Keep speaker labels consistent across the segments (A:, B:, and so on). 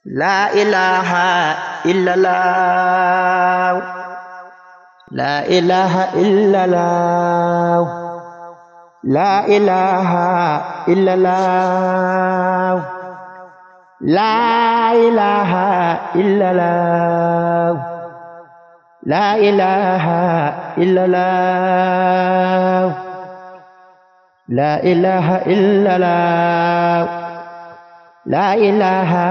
A: laa ilaha illallah laa ilaha illallah laa ilaha illallah laa ilaha illallah laa ilaha illallah laa ilaha illallah laa ilaha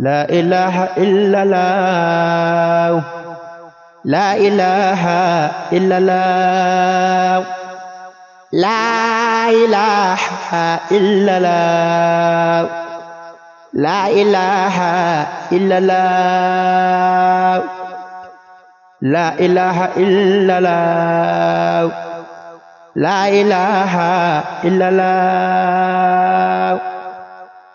A: la ilaha illallah la la ilaha illallah la la ilaha illallah la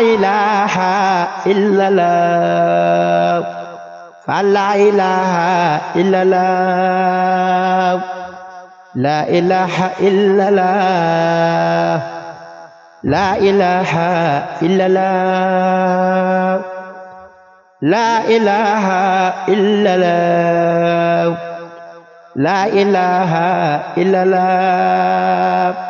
A: ilaha la ilaha illallah la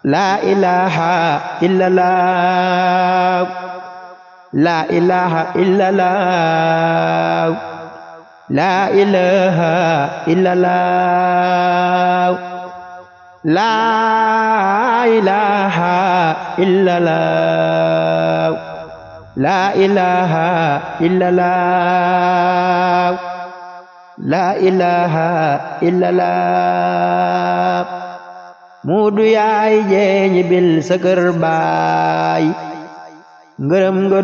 A: la ilaha illallah laa muudu yaay jeeñi bil sa baay ngërëm nga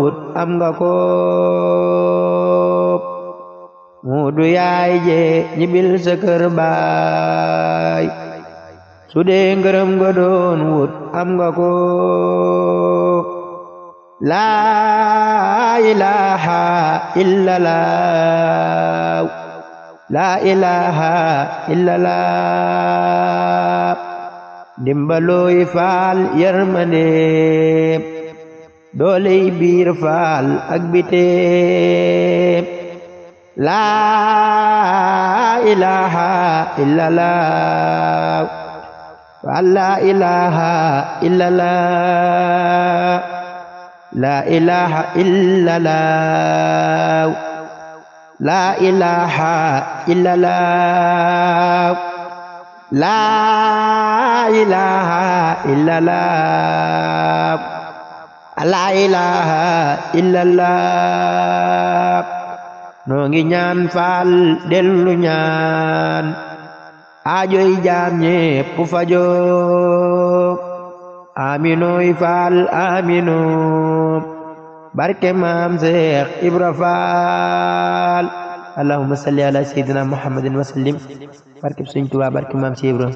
A: wut am nga ko muudu yaay jeeñi bil sa baay su dee ngërëm nga doon wut am nga ko laa ilaaha illa laaw laa ilaaha illallah dimbalooy faal yërmandeem dooley biir faal ak laa ilaaha illallah laa ilaaha illallah laa ilaaha illallah laa ngi ñaan faal dellu ñaan aajoy jaam ñépp fajoo aminooy faal aminoo barke maam Seex Ibra Faal allahumma salli ala sayyidina muhammadin wa sallim barke Sëñ Tuubaa barke maam Seex Ibra